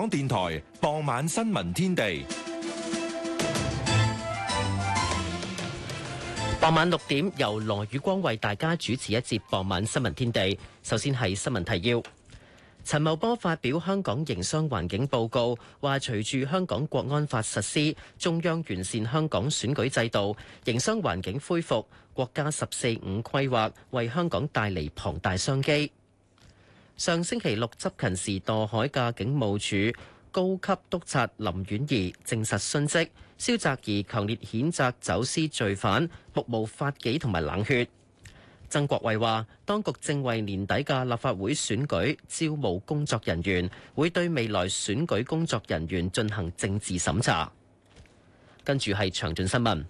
香港電台傍晚新聞天地，傍晚六點由羅宇光為大家主持一節傍晚新聞天地。首先係新聞提要：陳茂波發表香港營商環境報告，話隨住香港國安法實施，中央完善香港選舉制度，營商環境恢復，國家十四五規劃為香港帶嚟龐大商機。上星期六執勤時墮海嘅警務處高級督察林婉儀證實殉職，蕭澤頤強烈譴責走私罪犯目無法紀同埋冷血。曾國衛話：當局正為年底嘅立法會選舉招募工作人員，會對未來選舉工作人員進行政治審查。跟住係詳盡新聞。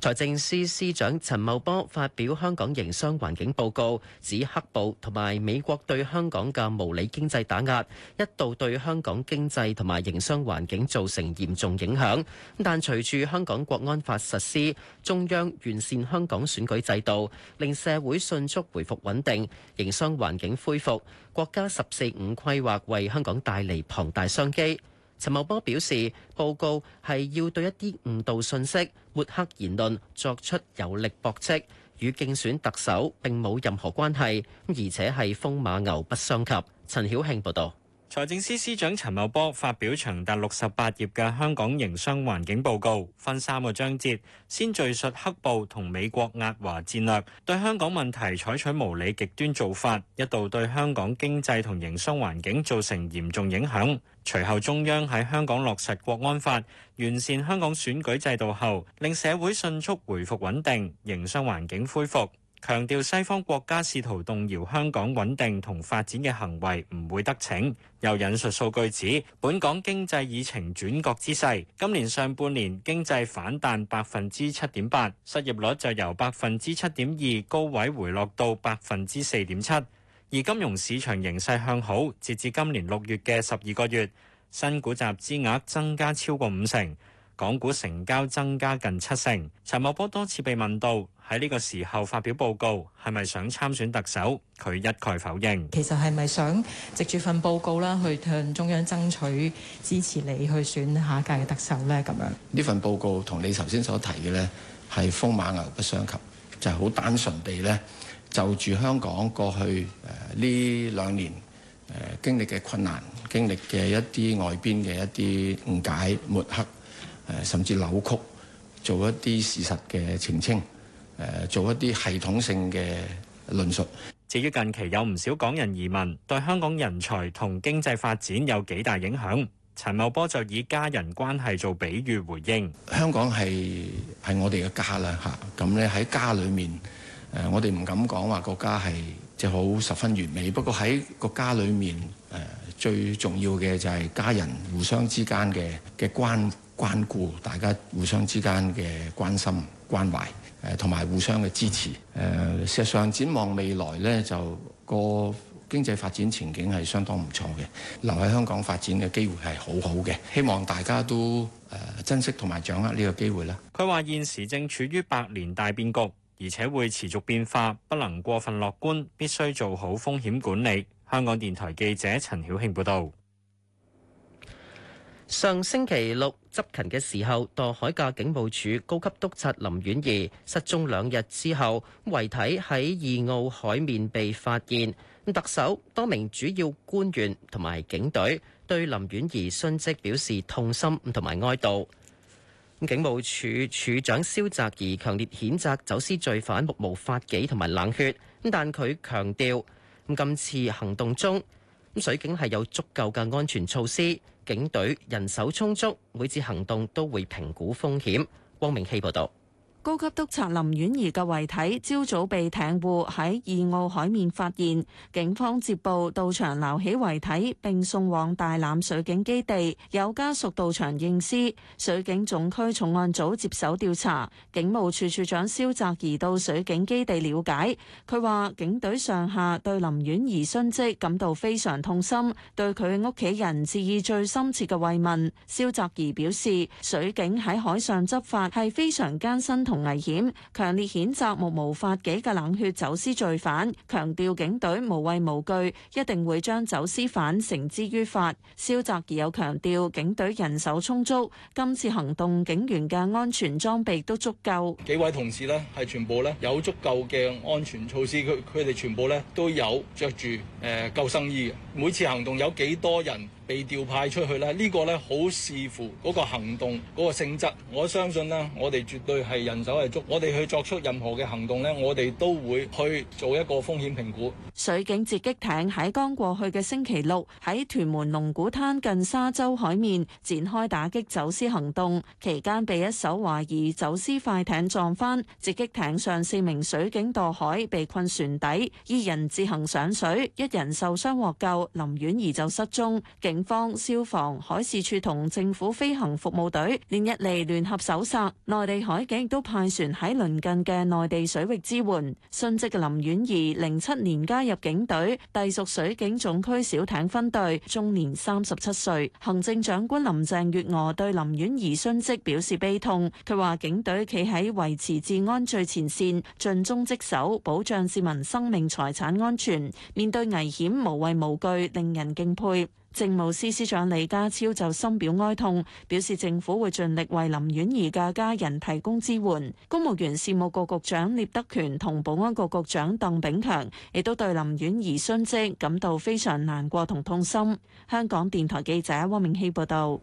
財政司司長陳茂波發表香港營商環境報告，指黑暴同埋美國對香港嘅無理經濟打壓，一度對香港經濟同埋營商環境造成嚴重影響。但隨住香港國安法實施，中央完善香港選舉制度，令社會迅速回復穩定，營商環境恢復。國家十四五規劃為香港帶嚟龐大商機。陳茂波表示，報告係要對一啲誤導信息、抹黑言論作出有力駁斥，與競選特首並冇任何關係，而且係風馬牛不相及。陳曉慶報導。財政司司長陳茂波發表長達六十八頁嘅香港營商環境報告，分三個章節，先敘述黑暴同美國壓華戰略對香港問題採取無理極端做法，一度對香港經濟同營商環境造成嚴重影響。隨後，中央喺香港落實國安法、完善香港選舉制度後，令社會迅速回復穩定，營商環境恢復。強調西方國家試圖動搖香港穩定同發展嘅行為唔會得逞，又引述數據指本港經濟已呈轉角之勢。今年上半年經濟反彈百分之七點八，失業率就由百分之七點二高位回落到百分之四點七，而金融市場形勢向好，截至今年六月嘅十二個月，新股集資額增加超過五成，港股成交增加近七成。陳茂波多次被問到，喺呢個時候發表報告，係咪想參選特首？佢一概否認。其實係咪想藉住份報告啦，去向中央爭取支持你去選下一屆嘅特首呢？咁樣呢份報告同你頭先所提嘅呢，係風馬牛不相及，就係好單純地呢，就住香港過去誒呢兩年誒經歷嘅困難，經歷嘅一啲外邊嘅一啲誤解、抹黑，甚至扭曲，做一啲事實嘅澄清。誒做一啲系統性嘅論述。至於近期有唔少港人移民，對香港人才同經濟發展有幾大影響？陳茂波就以家人關係做比喻回應：香港係係我哋嘅家啦嚇。咁咧喺家裏面誒，我哋唔敢講話國家係就好十分完美。不過喺個家裏面誒，最重要嘅就係家人互相之間嘅嘅關關顧，大家互相之間嘅關心關懷。同埋互相嘅支持，誒、呃，事實上展望未來呢就個經濟發展前景係相當唔錯嘅，留喺香港發展嘅機會係好好嘅，希望大家都、呃、珍惜同埋掌握呢個機會啦。佢話現時正處於百年大變局，而且會持續變化，不能過分樂觀，必須做好風險管理。香港電台記者陳曉慶報導，上星期六，執勤嘅時候，墮海嘅警務處高級督察林婉儀失蹤兩日之後遺體喺義澳海面被發現。咁特首多名主要官員同埋警隊對林婉儀殉職表示痛心，咁同埋哀悼。咁警務處處長蕭澤頤強烈譴責走私罪犯目無法紀同埋冷血，咁但佢強調，咁今次行動中。水警係有足夠嘅安全措施，警隊人手充足，每次行動都會評估風險。汪明希報道。高級督察林婉儀嘅遺體，朝早被艇戶喺二澳海面發現，警方接報到場撈起遺體，並送往大欖水警基地。有家屬到場認屍，水警總區重案組接手調查。警務處處長蕭澤頤到水警基地了解，佢話警隊上下對林婉儀殉職感到非常痛心，對佢屋企人致以最深切嘅慰問。蕭澤頤表示，水警喺海上執法係非常艱辛同危險，強烈譴責目無法紀嘅冷血走私罪犯，強調警隊無畏無懼，一定會將走私犯繩之於法。蕭澤頤有強調，警隊人手充足，今次行動警員嘅安全裝備都足夠。幾位同事咧係全部咧有足夠嘅安全措施，佢佢哋全部咧都有着住誒救生衣。每次行動有幾多人？被調派出去咧，呢、這個呢，好視乎嗰個行動嗰、那個性質。我相信咧，我哋絕對係人手係足，我哋去作出任何嘅行動呢，我哋都會去做一個風險評估。水警截擊艇喺剛過去嘅星期六喺屯門龍鼓灘近沙洲海面展開打擊走私行動，期間被一艘懷疑走私快艇撞翻，截擊艇上四名水警墮海被困船底，二人自行上水，一人受傷獲救，林婉儀就失蹤。警方、消防、海事處同政府飛行服務隊連日嚟聯合搜索，內地海警亦都派船喺鄰近嘅內地水域支援。殉職嘅林婉儀，零七年加入警隊，隸屬水警總區小艇分隊，終年三十七歲。行政長官林鄭月娥對林婉儀殉職表示悲痛，佢話警隊企喺維持治安最前線，盡忠職守，保障市民生命財產安全，面對危險無畏無懼，令人敬佩。政務司司長李家超就深表哀痛，表示政府會盡力為林婉儀嘅家人提供支援。公務員事務局局長聶德權同保安局局長鄧炳強亦都對林婉儀殉職感到非常難過同痛心。香港電台記者汪明希報道。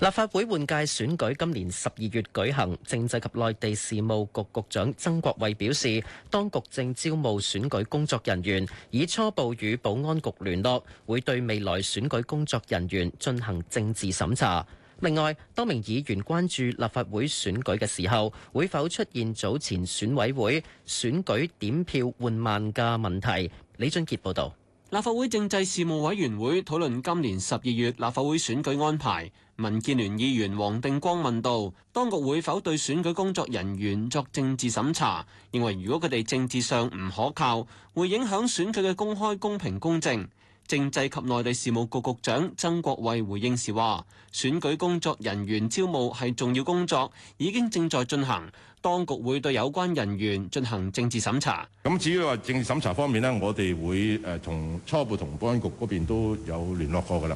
立法會換屆選舉今年十二月舉行，政制及內地事務局局長曾國衛表示，當局正招募選舉工作人員，已初步與保安局聯絡，會對未來選舉工作人員進行政治審查。另外，多名議員關注立法會選舉嘅時候，會否出現早前選委會選舉點票緩慢嘅問題。李俊杰報道。立法會政制事務委員會討論今年十二月立法會選舉安排，民建聯議員黃定光問道：當局會否對選舉工作人員作政治審查？認為如果佢哋政治上唔可靠，會影響選舉嘅公開、公平、公正。政制及內地事務局局長曾國衛回應時話：選舉工作人員招募係重要工作，已經正在進行。當局會對有關人員進行政治審查。咁至於話政治審查方面呢，我哋會誒同初步同保安局嗰邊都有聯絡過噶啦。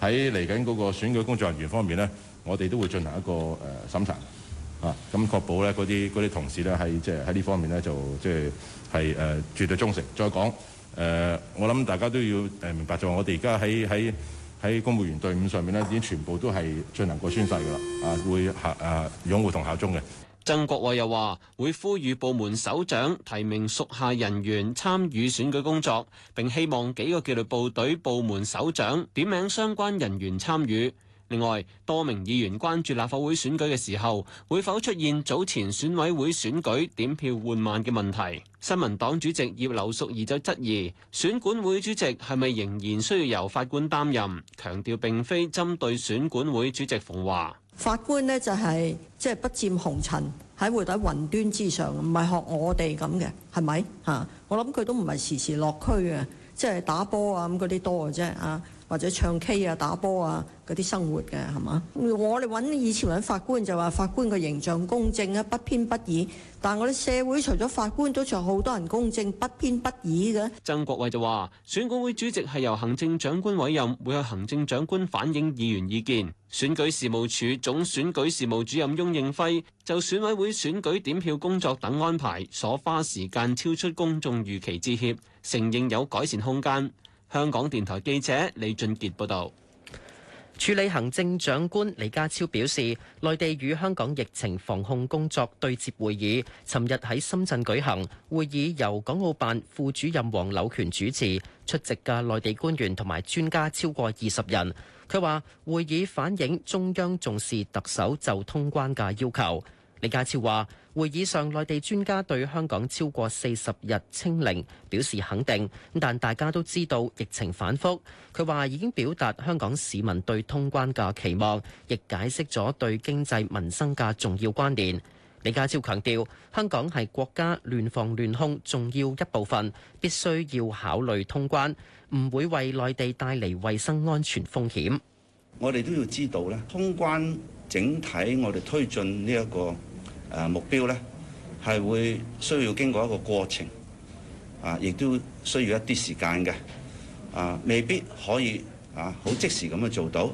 喺嚟緊嗰個選舉工作人員方面呢，我哋都會進行一個誒審查啊，咁確保咧嗰啲嗰啲同事咧係即係喺呢方面呢，就即係係誒絕對忠誠。再講誒、呃，我諗大家都要誒明白就話我哋而家喺喺喺公務員隊伍上面呢，已經全部都係進行過宣誓噶啦啊，會下啊擁護同效忠嘅。曾國衛又話：會呼籲部門首長提名屬下人員參與選舉工作，並希望幾個紀律部隊部門首長點名相關人員參與。另外，多名議員關注立法會選舉嘅時候，會否出現早前選委會選舉點票緩慢嘅問題。新民黨主席葉劉淑儀就質疑選管會主席係咪仍然需要由法官擔任，強調並非針對選管會主席馮驊。法官呢就係即係不沾紅塵，喺會底雲端之上，唔係學我哋咁嘅，係咪嚇？我諗佢都唔係時時落區嘅，即係打波啊咁嗰啲多嘅啫.或者唱 K 啊、打波啊嗰啲生活嘅係嘛？我哋揾以前揾法官就話法官個形象公正啊、不偏不倚。但係我哋社會除咗法官，都仲有好多人公正不偏不倚嘅。曾國衛就話，選管會主席係由行政長官委任，會向行政長官反映議員意見。選舉事務處總選舉事務主任翁應輝就選委會選舉點票工作等安排所花時間超出公眾預期致歉，承認有改善空間。香港電台記者李俊杰報道，署理行政長官李家超表示，內地與香港疫情防控工作對接會議，尋日喺深圳舉行。會議由港澳辦副主任黃柳權主持，出席嘅內地官員同埋專家超過二十人。佢話會議反映中央重視特首就通關嘅要求。李家超話：會議上，內地專家對香港超過四十日清零表示肯定，但大家都知道疫情反覆。佢話已經表達香港市民對通關嘅期望，亦解釋咗對經濟民生嘅重要關聯。李家超強調，香港係國家聯防聯控重要一部分，必須要考慮通關，唔會為內地帶嚟衛生安全風險。我哋都要知道咧，通關整體我哋推進呢一個。誒、啊、目標咧係會需要經過一個過程，啊，亦都需要一啲時間嘅，啊，未必可以啊好即時咁樣做到。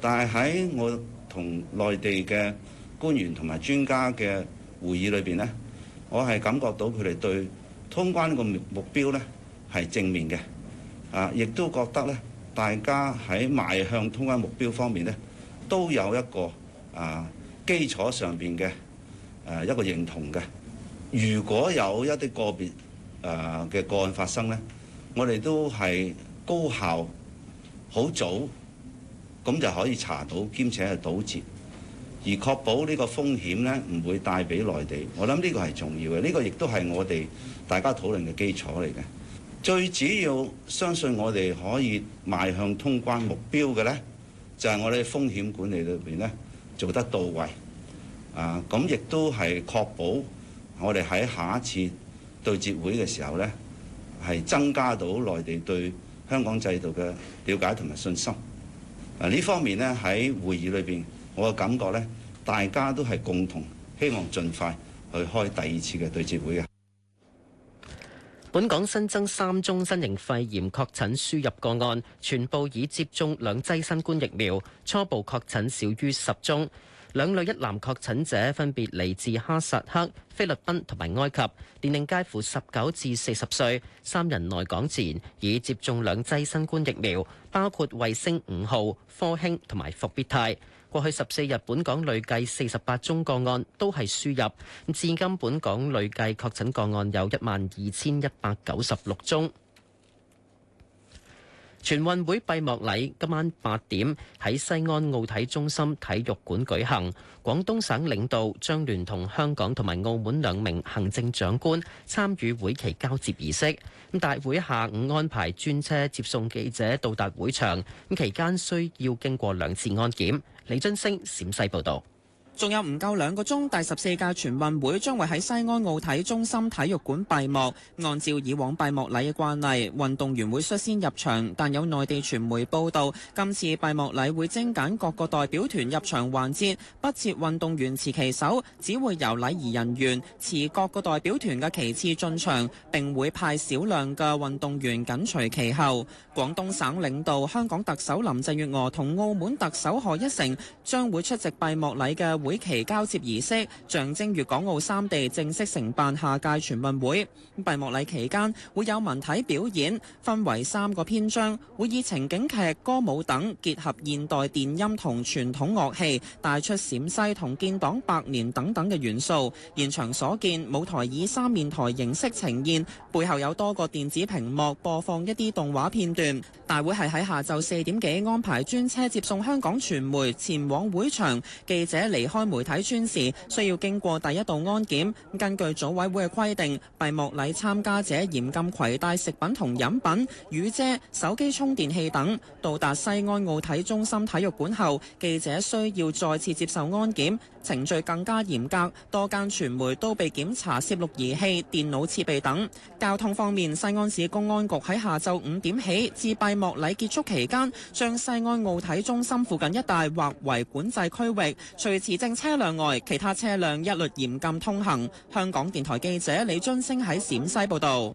但係喺我同內地嘅官員同埋專家嘅會議裏邊咧，我係感覺到佢哋對通關個目標咧係正面嘅，啊，亦都覺得咧大家喺邁向通關目標方面咧，都有一個啊基礎上邊嘅。誒一個認同嘅，如果有一啲個別誒嘅個案發生呢，我哋都係高效、好早，咁就可以查到兼且係堵截，而確保呢個風險呢唔會帶俾內地。我諗呢個係重要嘅，呢個亦都係我哋大家討論嘅基礎嚟嘅。最主要相信我哋可以邁向通關目標嘅呢，就係我哋風險管理裏邊呢，做得到位。啊！咁亦都係確保我哋喺下一次對接會嘅時候呢，係增加到內地對香港制度嘅了解同埋信心。啊！呢方面呢，喺會議裏邊，我嘅感覺呢，大家都係共同希望盡快去開第二次嘅對接會嘅。本港新增三宗新型肺炎確診輸入個案，全部已接種兩劑新冠疫苗，初步確診少於十宗。兩女一男確診者分別嚟自哈薩克、菲律賓同埋埃及，年齡介乎十九至四十歲，三人來港前已接種兩劑新冠疫苗，包括衛星五號、科興同埋復必泰。過去十四日本港累計四十八宗個案都係輸入，至今本港累計確診個案有一萬二千一百九十六宗。全運會閉幕禮今晚八點喺西安奧體中心體育館舉行，廣東省領導將聯同香港同埋澳門兩名行政長官參與會期交接儀式。咁大會下午安排專車接送記者到達會場，咁期間需要經過兩次安檢。李津星，陝西報導。仲有唔夠兩個鐘，第十四屆全運會將會喺西安奧體中心體育館閉幕。按照以往閉幕禮嘅慣例，運動員會率先入場，但有內地傳媒報道，今次閉幕禮會精簡各個代表團入場環節，不設運動員持旗手，只會由禮儀人員持各個代表團嘅旗幟進場，並會派少量嘅運動員緊隨其後。廣東省領導、香港特首林鄭月娥同澳門特首賀一誠將會出席閉幕禮嘅。會期交接儀式象徵粵港澳三地正式承辦下屆全運會。閉幕禮期間會有文體表演，分為三個篇章，會以情景劇、歌舞等，結合現代電音同傳統樂器，帶出陝西同建黨百年等等嘅元素。現場所見，舞台以三面台形式呈現，背後有多個電子屏幕播放一啲動畫片段。大會係喺下晝四點幾安排專車接送香港傳媒前往會場，記者離開。開媒體村時，需要經過第一道安檢。根據組委會嘅規定，閉幕禮參加者嚴禁攜帶食品同飲品、雨遮、手機充電器等。到達西安奧體中心體育館後，記者需要再次接受安檢。程序更加嚴格，多間傳媒都被檢查攝錄儀器、電腦設備等。交通方面，西安市公安局喺下晝五點起至閉幕禮結束期間，將西安奧體中心附近一帶劃為管制區域，除持證車輛外，其他車輛一律嚴禁通行。香港電台記者李津星喺陝西報道。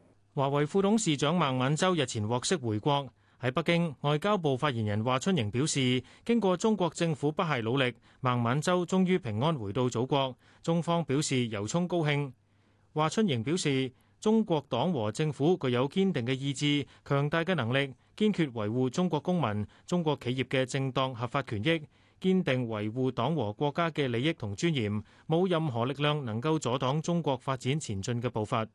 華為副董事長孟晚舟日前獲釋回國，喺北京，外交部發言人華春瑩表示，經過中國政府不懈努力，孟晚舟終於平安回到祖國，中方表示由衷高興。華春瑩表示，中國黨和政府具有堅定嘅意志、強大嘅能力，堅決維護中國公民、中國企業嘅正當合法權益，堅定維護黨和國家嘅利益同尊嚴，冇任何力量能夠阻擋中國發展前進嘅步伐。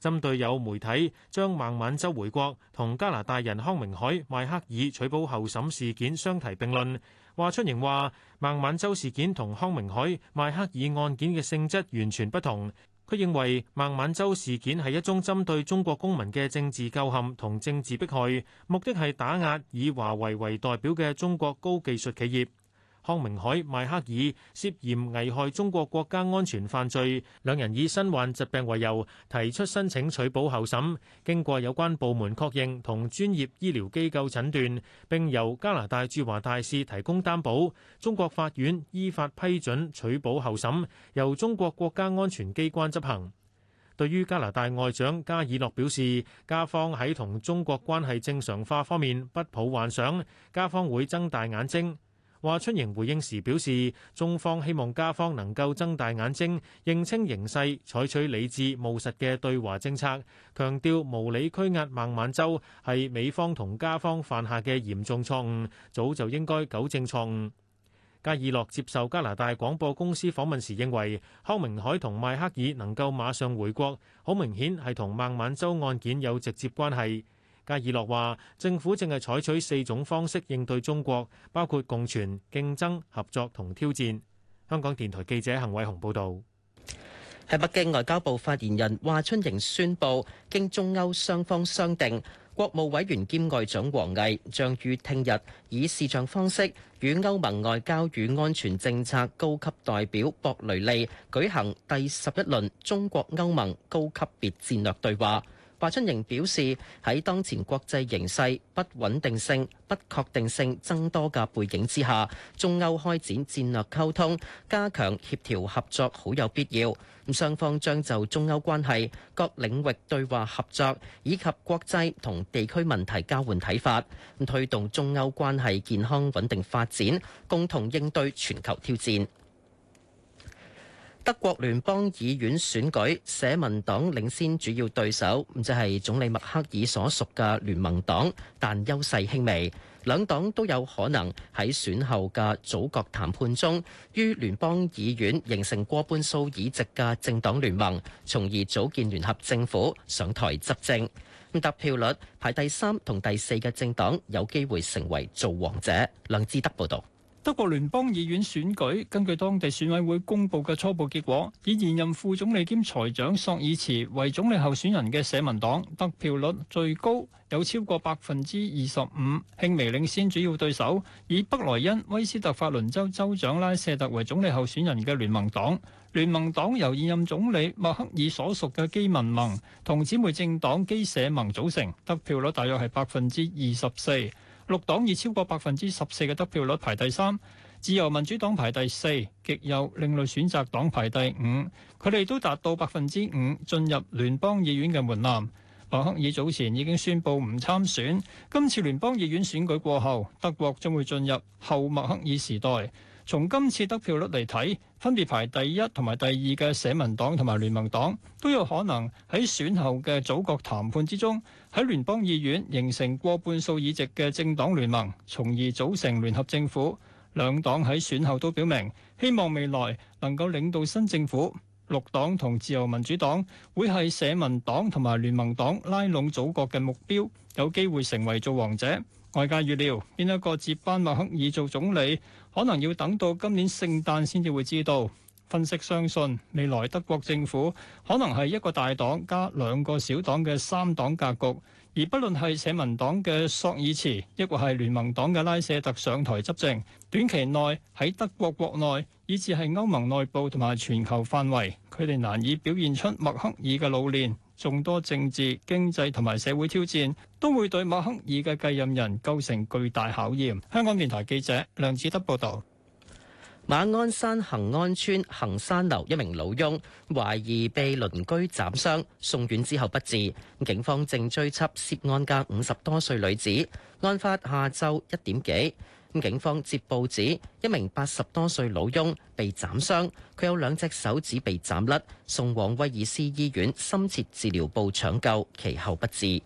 針對有媒體將孟晚舟回國同加拿大人康明凱、邁克爾取保候審事件相提並論，華春瑩話：孟晚舟事件同康明凱、邁克爾案件嘅性質完全不同。佢認為孟晚舟事件係一宗針對中國公民嘅政治構陷同政治迫害，目的係打壓以華為為代表嘅中國高技術企業。康明凱、邁克爾涉嫌危害中國國家安全犯罪，兩人以身患疾病為由提出申請取保候審，經過有關部門確認同專業醫療機構診斷，並由加拿大駐華大使提供擔保，中國法院依法批准取保候審由中國國家安全機關執行。對於加拿大外長加爾諾表示，加方喺同中國關係正常化方面不抱幻想，加方會睜大眼睛。華春瑩回應時表示，中方希望加方能夠睜大眼睛，認清形勢，採取理智務實嘅對華政策。強調無理拘押孟晚舟係美方同加方犯下嘅嚴重錯誤，早就應該糾正錯誤。加爾諾接受加拿大廣播公司訪問時認為，康明凱同邁克爾能夠馬上回國，好明顯係同孟晚舟案件有直接關係。加爾諾話：政府正係採取四種方式應對中國，包括共存、競爭、合作同挑戰。香港電台記者恆偉雄報道。喺北京，外交部發言人華春瑩宣佈，經中歐雙方商定，國務委員兼外長王毅將於聽日以視像方式與歐盟外交與安全政策高級代表博雷利舉行第十一輪中國歐盟高級別戰略對話。華春瑩表示，喺當前國際形勢不穩定性、不確定性增多嘅背景之下，中歐開展戰略溝通、加強協調合作好有必要。雙方將就中歐關係各領域對話合作，以及國際同地區問題交換睇法，推動中歐關係健康穩定發展，共同應對全球挑戰。德國聯邦議院選舉，社民黨領先主要對手，咁即係總理默克爾所屬嘅聯盟黨，但優勢輕微。兩黨都有可能喺選後嘅組閣談判中，於聯邦議院形成過半數議席嘅政黨聯盟，從而組建聯合政府上台執政。得票率排第三同第四嘅政黨有機會成為造王者。梁志德報道。德國聯邦議院選舉，根據當地選委會公佈嘅初步結果，以現任副總理兼財長朔爾茨為總理候選人嘅社民黨得票率最高，有超過百分之二十五，輕微領先主要對手。以北萊茵威斯特法倫州州長拉舍特為總理候選人嘅聯盟黨，聯盟黨由現任總理默克爾所屬嘅基民盟同姊妹政黨基社盟組成，得票率大約係百分之二十四。綠黨以超過百分之十四嘅得票率排第三，自由民主黨排第四，極右另類選擇黨排第五，佢哋都達到百分之五進入聯邦議院嘅門檻。默克爾早前已經宣布唔參選，今次聯邦議院選舉過後，德國將會進入後默克爾時代。從今次得票率嚟睇，分別排第一同埋第二嘅社民黨同埋聯盟黨都有可能喺選後嘅組閣談判之中，喺聯邦議院形成過半數議席嘅政黨聯盟，從而組成聯合政府。兩黨喺選後都表明希望未來能夠領導新政府。綠黨同自由民主黨會係社民黨同埋聯盟黨拉攏組閣嘅目標，有機會成為做王者。外界預料邊一個接班麥克爾做總理，可能要等到今年聖誕先至會知道。分析相信未來德國政府可能係一個大黨加兩個小黨嘅三黨格局，而不論係社民黨嘅索爾茨，亦或係聯盟黨嘅拉舍特上台執政，短期內喺德國國內，以至係歐盟內部同埋全球範圍，佢哋難以表現出默克爾嘅老練，眾多政治、經濟同埋社會挑戰都會對默克爾嘅繼任人構成巨大考驗。香港電台記者梁志德報道。馬鞍山恒安村恒山樓一名老翁懷疑被鄰居斬傷，送院之後不治。警方正追緝涉案嘅五十多歲女子。案發下晝一點幾，警方接報指一名八十多歲老翁被斬傷，佢有兩隻手指被斬甩，送往威爾斯醫院深切治療部搶救，其後不治。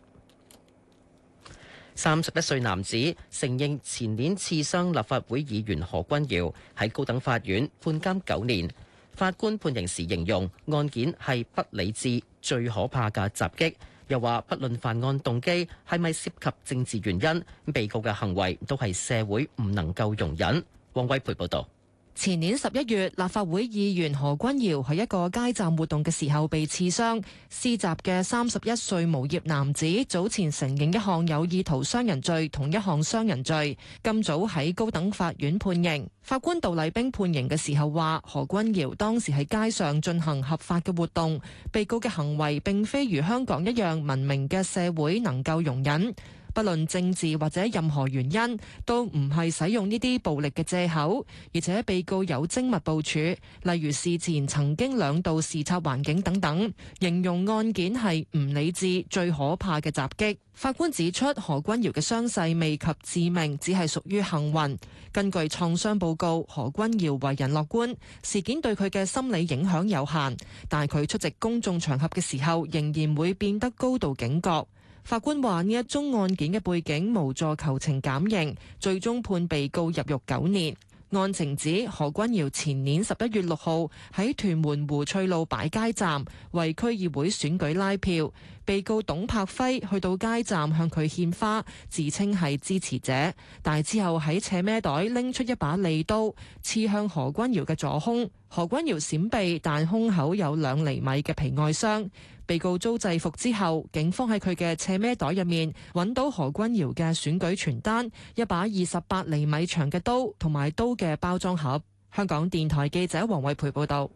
三十一歲男子承認前年刺傷立法會議員何君堯，喺高等法院判監九年。法官判刑時形容案件係不理智、最可怕嘅襲擊，又話不論犯案動機係咪涉及政治原因，被告嘅行為都係社會唔能夠容忍。王偉培報導。前年十一月，立法會議員何君堯喺一個街站活動嘅時候被刺傷，施襲嘅三十一歲無業男子早前承認一項有意圖傷人罪同一項傷人罪，今早喺高等法院判刑。法官杜麗冰判刑嘅時候話：何君堯當時喺街上進行合法嘅活動，被告嘅行為並非如香港一樣文明嘅社會能夠容忍。不論政治或者任何原因，都唔係使用呢啲暴力嘅借口，而且被告有精密部署，例如事前曾經兩度視察環境等等，形容案件係唔理智，最可怕嘅襲擊，法官指出，何君堯嘅傷勢未及致命，只係屬於幸運，根據創傷報告，何君堯為人樂觀，事件對佢嘅心理影響有限，但係佢出席公眾場合嘅時候，仍然會變得高度警覺。法官話：呢一宗案件嘅背景無助求情減刑，最終判被告入獄九年。案情指何君堯前年十一月六號喺屯門湖翠路擺街站為區議會選舉拉票，被告董柏輝去到街站向佢獻花，自稱係支持者，但之後喺斜孭袋拎出一把利刀，刺向何君堯嘅左胸。何君堯閃避，但胸口有兩厘米嘅皮外傷。被告遭制服之後，警方喺佢嘅斜孭袋入面揾到何君堯嘅選舉傳單一把二十八厘米長嘅刀同埋刀嘅包裝盒。香港電台記者黃偉培報道。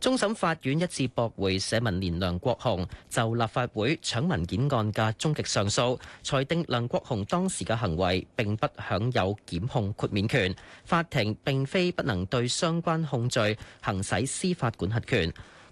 終審法院一致駁回社民連梁國雄就立法會搶文件案嘅終極上訴，裁定梁國雄當時嘅行為並不享有檢控豁免權，法庭並非不能對相關控罪行使司法管轄權。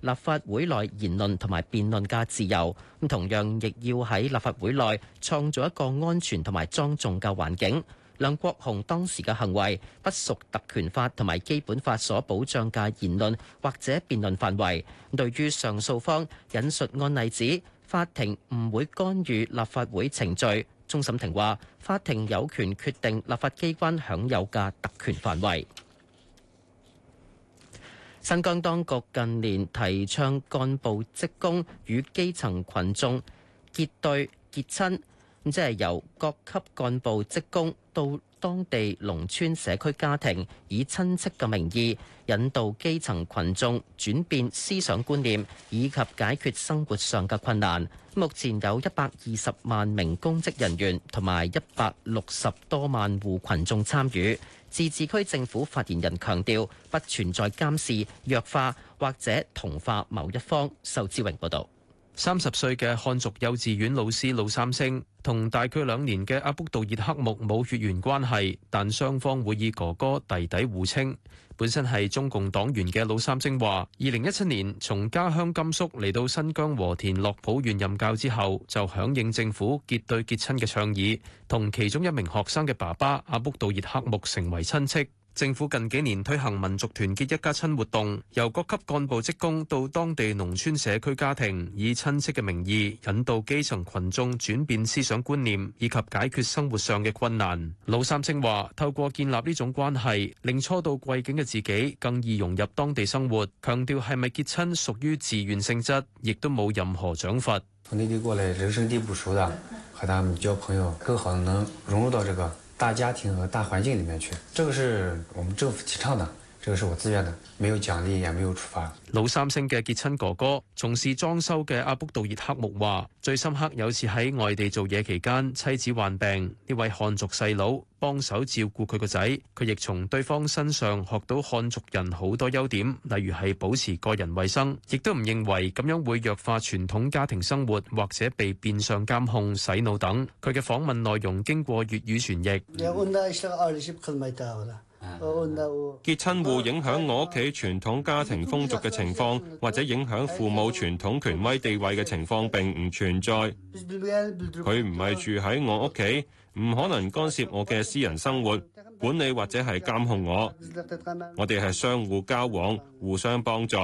立法會內言論同埋辯論嘅自由，同樣亦要喺立法會內創造一個安全同埋莊重嘅環境。梁國雄當時嘅行為，不屬特權法同埋基本法所保障嘅言論或者辯論範圍。對於上訴方，引述案例指，法庭唔會干預立法會程序。終審庭話，法庭有權決定立法機關享有嘅特權範圍。新疆當局近年提倡幹部職工與基層群眾結對結親，即係由各級幹部職工到當地農村社區家庭，以親戚嘅名義，引導基層群眾轉變思想觀念，以及解決生活上嘅困難。目前有一百二十萬名公職人員同埋一百六十多萬戶群眾參與。自治區政府發言人強調，不存在監視、弱化或者同化某一方。壽志榮報導。三十歲嘅漢族幼稚園老師老三星同大約兩年嘅阿卜杜熱克木冇血緣關係，但雙方會以哥哥弟弟互稱。本身係中共黨員嘅老三星話，二零一七年從家鄉甘肅嚟到新疆和田洛浦縣任教之後，就響應政府結對結親嘅倡議，同其中一名學生嘅爸爸阿卜杜熱克木成為親戚。政府近幾年推行民族團結一家親活動，由各級幹部職工到當地農村社區家庭，以親戚嘅名義引導基層群眾轉變思想觀念，以及解決生活上嘅困難。老三清話，透過建立呢種關係，令初到貴境嘅自己更易融入當地生活。強調係咪結親屬於自願性質，亦都冇任何獎罰。從呢邊過嚟，人生地不熟的，和他們交朋友，更好能融入到這個。大家庭和大環境裏面去，這個是我們政府提倡的。呢個是我自願的，沒有獎勵，也沒有處罰。老三星嘅結親哥哥，從事裝修嘅阿卜杜熱克木話：最深刻有次喺外地做嘢期間，妻子患病，呢位漢族細佬幫手照顧佢個仔，佢亦從對方身上學到漢族人好多優點，例如係保持個人衛生，亦都唔認為咁樣會弱化傳統家庭生活，或者被變相監控、洗腦等。佢嘅訪問內容經過粵語傳譯。嗯結親戶影響我屋企傳統家庭風俗嘅情況，或者影響父母傳統權威地位嘅情況並唔存在。佢唔係住喺我屋企，唔可能干涉我嘅私人生活，管理或者係監控我。我哋係相互交往，互相幫助。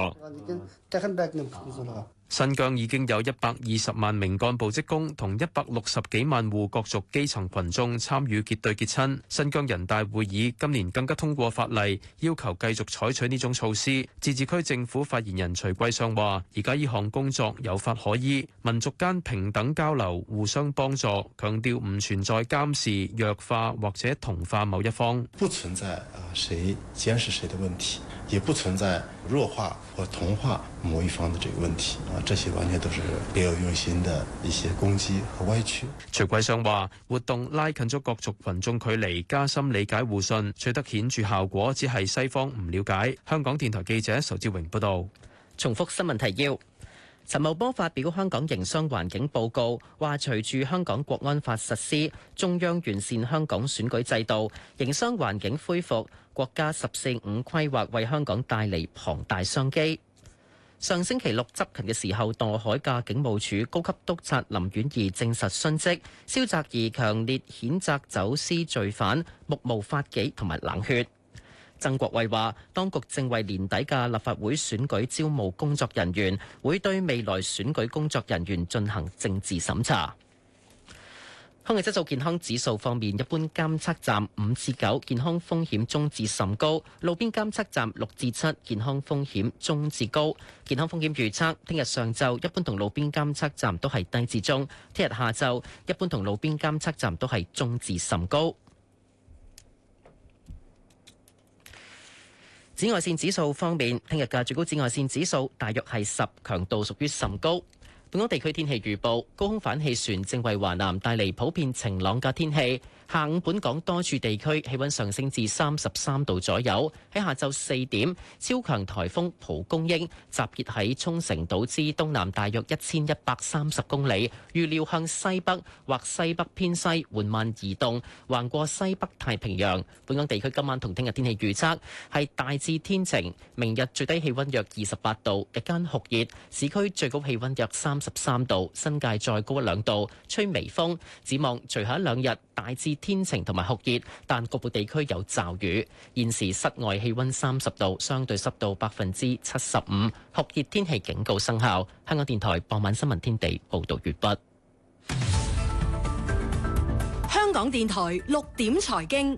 新疆已經有一百二十萬名幹部職工同一百六十幾萬戶各族基層群眾參與結對結親。新疆人大會議今年更加通過法例，要求繼續採取呢種措施。自治區政府發言人徐貴相話：而家呢項工作有法可依，民族間平等交流，互相幫助，強調唔存在監視、弱化或者同化某一方。不存在啊，誰監視誰的問題。也不存在弱化或同化某一方的這個問題，啊，這些完全都是別有用心的一些攻擊和歪曲。徐貴相話：活動拉近咗各族群眾距離，加深理解互信，取得顯著效果，只係西方唔了解。香港電台記者仇志榮報道。重複新聞提要：陳茂波發表香港營商環境報告，話隨住香港國安法實施，中央完善香港選舉制度，營商環境恢復。國家十四五規劃為香港帶嚟龐大商機。上星期六執勤嘅時候，墮海嘅警務處高級督察林婉儀證實殉職。蕭澤頤強烈譴責走私罪犯，目無法紀同埋冷血。曾國衞話，當局正為年底嘅立法會選舉招募工作人員，會對未來選舉工作人員進行政治審查。空氣質素健康指數方面，一般監測站五至九，健康風險中至甚高；路邊監測站六至七，健康風險中至高。健康風險預測：聽日上晝一般同路邊監測站都係低至中；聽日下晝一般同路邊監測站都係中至甚高。紫外線指數方面，聽日嘅最高紫外線指數大約係十，強度屬於甚高。本港地區天氣預報，高空反氣旋正為華南帶嚟普遍晴朗嘅天氣。下午本港多處地區氣温上升至三十三度左右。喺下晝四點，超強颱風蒲公英集結喺沖繩島之東南大約一千一百三十公里，預料向西北或西北偏西緩慢移動，橫過西北太平洋。本港地區今晚同聽日天氣預測係大致天晴，明日最低氣温約二十八度，日間酷熱，市區最高氣温約三十三度，新界再高一兩度，吹微風。展望隨後一兩日大致天晴同埋酷熱，但局部地區有驟雨。現時室外氣溫三十度，相對濕度百分之七十五，酷熱天氣警告生效。香港電台傍晚新聞天地報道完畢。香港電台六點財經，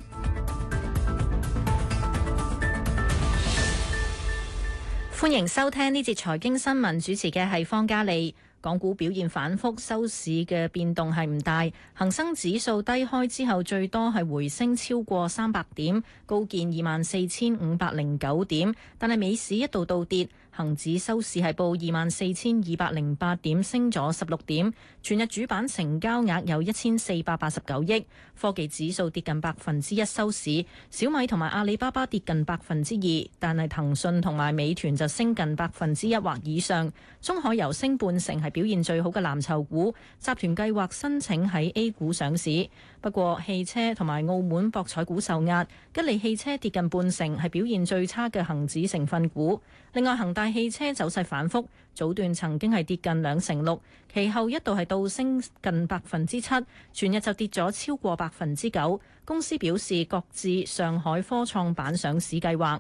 歡迎收聽呢節財經新聞，主持嘅係方嘉利。港股表現反覆，收市嘅變動係唔大。恒生指數低開之後，最多係回升超過三百點，高見二萬四千五百零九點。但係美市一度倒跌。恒指收市係報二萬四千二百零八點，升咗十六點。全日主板成交額有一千四百八十九億。科技指數跌近百分之一收市，小米同埋阿里巴巴跌近百分之二，但係騰訊同埋美團就升近百分之一或以上。中海油升半成係表現最好嘅藍籌股，集團計劃申請喺 A 股上市。不過，汽車同埋澳門博彩股受壓，吉利汽車跌近半成係表現最差嘅恒指成分股。另外，恒大汽車走勢反覆，早段曾經係跌近兩成六，其後一度係倒升近百分之七，全日就跌咗超過百分之九。公司表示，擱置上海科創板上市計劃。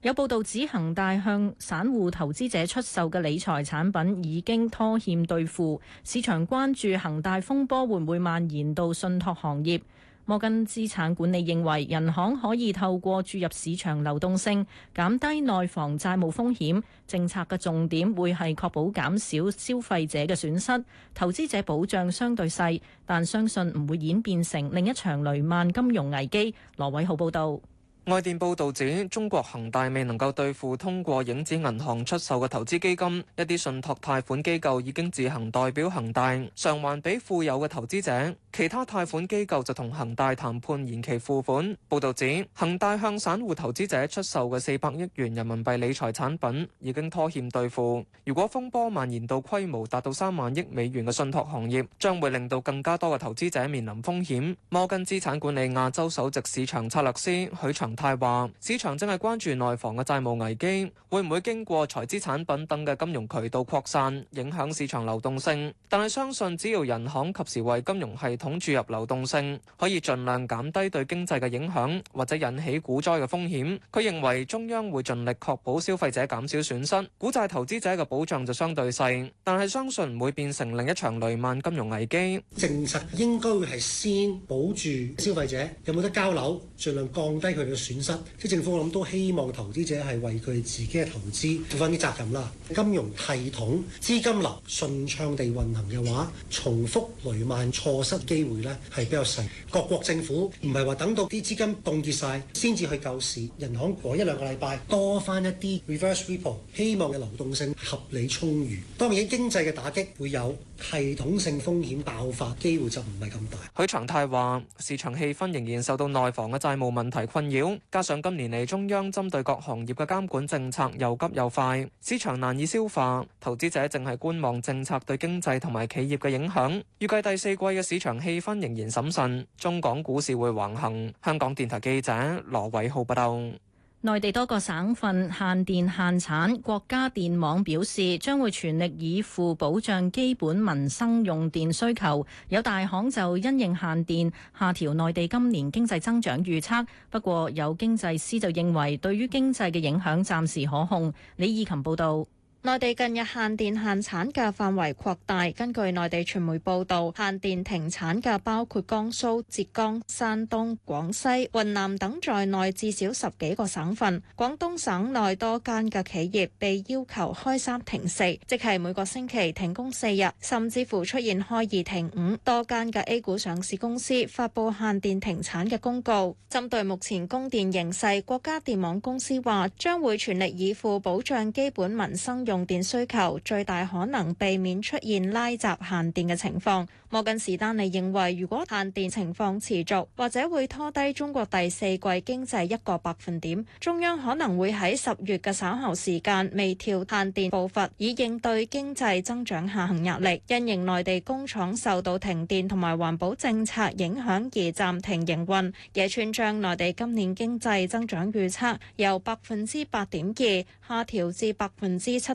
有報導指，恒大向散戶投資者出售嘅理財產品已經拖欠兌付，市場關注恒大風波會唔會蔓延到信託行業。摩根資產管理認為人行可以透過注入市場流動性，減低內房債務風險，政策嘅重點會係確保減少消費者嘅損失，投資者保障相對細，但相信唔會演變成另一場雷曼金融危機，羅偉浩報道。外電報道指，中國恆大未能夠兌付通過影子銀行出售嘅投資基金，一啲信託貸款機構已經自行代表恒大償還俾富有嘅投資者，其他貸款機構就同恒大談判判延期付款。報道指，恒大向散戶投資者出售嘅四百億元人民幣理財產品已經拖欠兌付。如果風波蔓延到規模達到三萬億美元嘅信託行業將會令到更加多嘅投資者面臨風險，摩根資產管理亞洲首席市場策略師許長。泰話市場正係關注內房嘅債務危機會唔會經過財資產品等嘅金融渠道擴散，影響市場流動性，但係相信只要人行及時為金融系統注入流動性，可以盡量減低對經濟嘅影響或者引起股災嘅風險，佢認為中央會盡力確保消費者減少損失，股債投資者嘅保障就相對細，但係相信唔會變成另一場雷曼金融危機，政策應該會係先保住消費者，有冇得交樓盡量降低佢嘅。損失，即政府，我諗都希望投資者係為佢自己嘅投資負翻啲責任啦。金融系統資金流順暢地運行嘅話，重複雷曼錯失機會呢係比較細。各國政府唔係話等到啲資金凍結晒先至去救市，人行過一兩個禮拜多翻一啲 reverse repo，希望嘅流動性合理充裕。當然經濟嘅打擊會有。系統性風險爆發機會就唔係咁大。許長泰話：市場氣氛仍然受到內房嘅債務問題困擾，加上今年嚟中央針對各行業嘅監管政策又急又快，市場難以消化。投資者淨係觀望政策對經濟同埋企業嘅影響。預計第四季嘅市場氣氛仍然審慎，中港股市會橫行。香港電台記者羅偉浩報道。內地多個省份限電限產，國家電網表示將會全力以赴保障基本民生用電需求。有大行就因應限電，下調內地今年經濟增長預測。不過有經濟師就認為，對於經濟嘅影響暫時可控。李意琴報導。內地近日限電限產嘅範圍擴大，根據內地傳媒報道，限電停產嘅包括江蘇、浙江、山東、廣西、雲南等在內至少十幾個省份。廣東省內多間嘅企業被要求開三停四，即係每個星期停工四日，甚至乎出現開二停五。多間嘅 A 股上市公司發佈限電停產嘅公告。針對目前供電形勢，國家電網公司話將會全力以赴保障基本民生用用電需求最大可能避免出現拉閘限電嘅情況。摩根士丹利認為，如果限電情況持續，或者會拖低中國第四季經濟一個百分點。中央可能會喺十月嘅稍後時間微調限電步伐，以應對經濟增長下行壓力。因應內地工廠受到停電同埋環保政策影響而暫停營運，野村將內地今年經濟增長預測由百分之八點二下調至百分之七。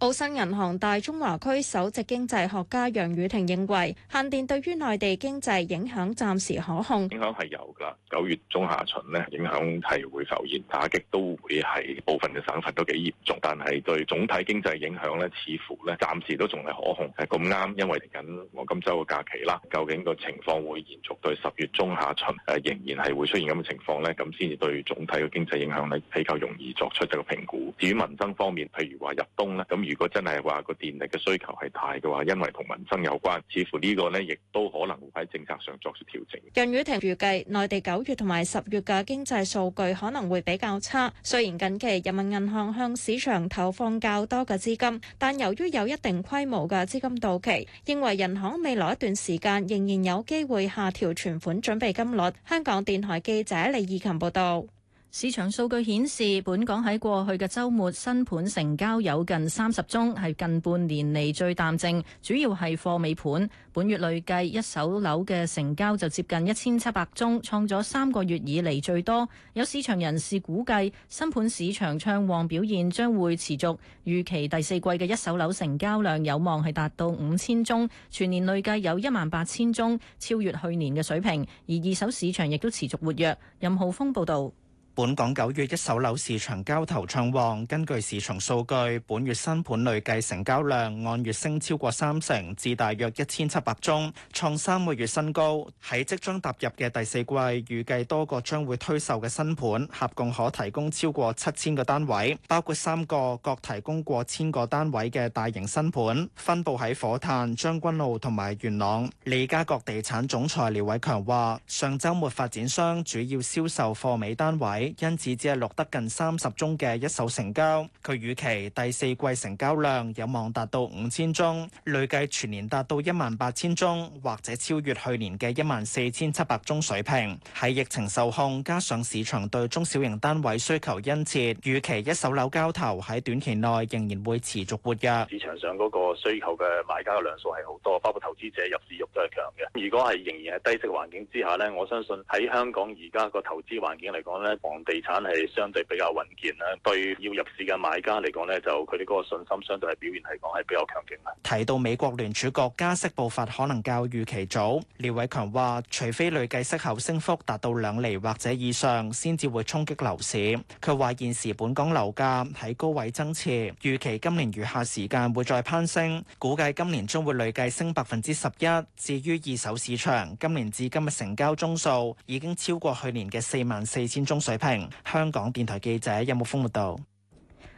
澳新銀行大中華區首席經濟學家楊宇霆認為，限電對於內地經濟影響暫時可控。影響係有㗎，九月中下旬呢，影響係會浮現打擊，都會係部分嘅省份都幾嚴重。但係對總體經濟影響呢，似乎呢暫時都仲係可控。係咁啱，因為嚟緊黃金周嘅假期啦，究竟個情況會延續到十月中下旬，誒仍然係會出現咁嘅情況呢。咁先至對總體嘅經濟影響呢，比較容易作出一個評估。至於民生方面，譬如話入冬呢。咁、嗯。嗯嗯嗯嗯如果真係話個電力嘅需求係大嘅話，因為同民生有關，似乎個呢個咧亦都可能會喺政策上作出調整。任雨婷預計內地九月同埋十月嘅經濟數據可能會比較差。雖然近期人民銀行向市場投放較多嘅資金，但由於有一定規模嘅資金到期，認為銀行未來一段時間仍然有機會下調存款準備金率。香港電台記者李義琴報道。市場數據顯示，本港喺過去嘅周末新盤成交有近三十宗，係近半年嚟最淡靜，主要係貨尾盤。本月累計一手樓嘅成交就接近一千七百宗，創咗三個月以嚟最多。有市場人士估計，新盤市場暢旺表現將會持續，預期第四季嘅一手樓成交量有望係達到五千宗，全年累計有一萬八千宗，超越去年嘅水平。而二手市場亦都持續活躍。任浩峰報道。本港九月一手樓市場交投暢旺，根據市場數據，本月新盤累計成交量按月升超過三成，至大約一千七百宗，創三個月新高。喺即將踏入嘅第四季，預計多個將會推售嘅新盤，合共可提供超過七千個單位，包括三個各提供過千個單位嘅大型新盤，分佈喺火炭、將軍澳同埋元朗。利嘉閣地產總裁廖偉強話：上週末發展商主要銷售貨尾單位。因此只係錄得近三十宗嘅一手成交。佢預期第四季成交量有望達到五千宗，累計全年達到一萬八千宗，或者超越去年嘅一萬四千七百宗水平。喺疫情受控，加上市場對中小型單位需求殷切，預期一手樓交投喺短期內仍然會持續活躍。市場上嗰個需求嘅買家嘅量數係好多，包括投資者入市欲都係強嘅。如果係仍然係低息環境之下呢，我相信喺香港而家個投資環境嚟講呢。地產係相對比較穩健啦，對要入市嘅買家嚟講呢，就佢哋嗰個信心相對係表現嚟講係比較強勁嘅。提到美國聯儲局加息步伐可能較預期早，廖偉強話：除非累計息口升幅達到兩厘或者以上，先至會衝擊樓市。佢話現時本港樓價喺高位爭持，預期今年餘下時間會再攀升，估計今年將會累計升百分之十一。至於二手市場，今年至今嘅成交宗數已經超過去年嘅四萬四千宗水平。香港電台記者任木峰報道，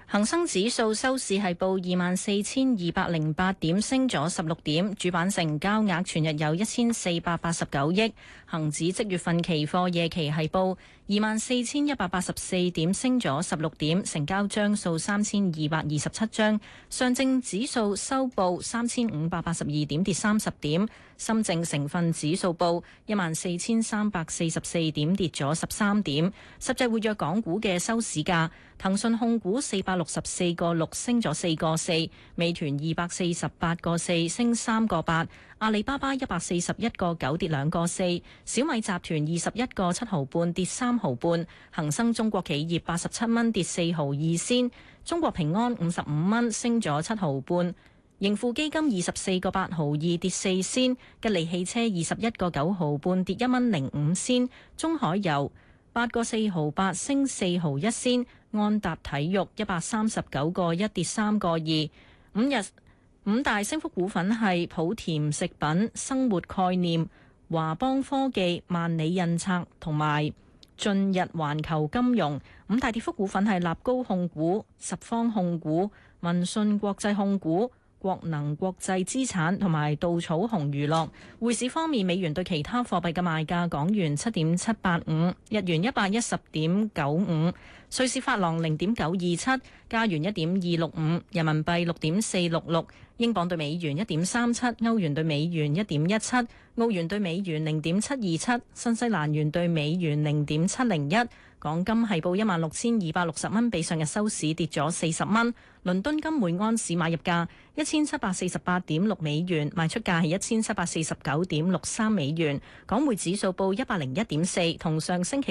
恒生指數收市係報二萬四千二百零八點，升咗十六點。主板成交額全日有一千四百八十九億。恒指即月份期貨夜期係報。二萬四千一百八十四點升咗十六點，成交張數三千二百二十七張。上證指數收報三千五百八十二點，跌三十點。深證成分指數報一萬四千三百四十四點，跌咗十三點。十隻活躍港股嘅收市價，騰訊控股四百六十四個六升咗四個四，美團二百四十八個四升三個八。阿里巴巴一百四十一個九跌兩個四，小米集團二十一個七毫半跌三毫半，恒生中國企業八十七蚊跌四毫二仙，中國平安五十五蚊升咗七毫半，盈富基金二十四個八毫二跌四仙，吉利汽車二十一個九毫半跌一蚊零五仙，中海油八個四毫八升四毫一仙，安踏體育一百三十九個一跌三個二，五日。五大升幅股份係普田食品、生活概念、華邦科技、萬里印刷同埋進日環球金融。五大跌幅股份係立高控股、十方控股、民信國際控股、國能國際資產同埋稻草熊娛樂。匯市方面，美元對其他貨幣嘅賣價：港元七點七八五，日元一百一十點九五，瑞士法郎零點九二七，加元一點二六五，人民幣六點四六六，英鎊兌美元一點三七，歐元兌美元一點一七，澳元兌美元零點七二七，新西蘭元兌美元零點七零一。港金係報一萬六千二百六十蚊，比上日收市跌咗四十蚊。倫敦金每安士買入價一千七百四十八點六美元，賣出價係一千七百四十九點六三美元。港匯指數報一百零一點四，同上星期。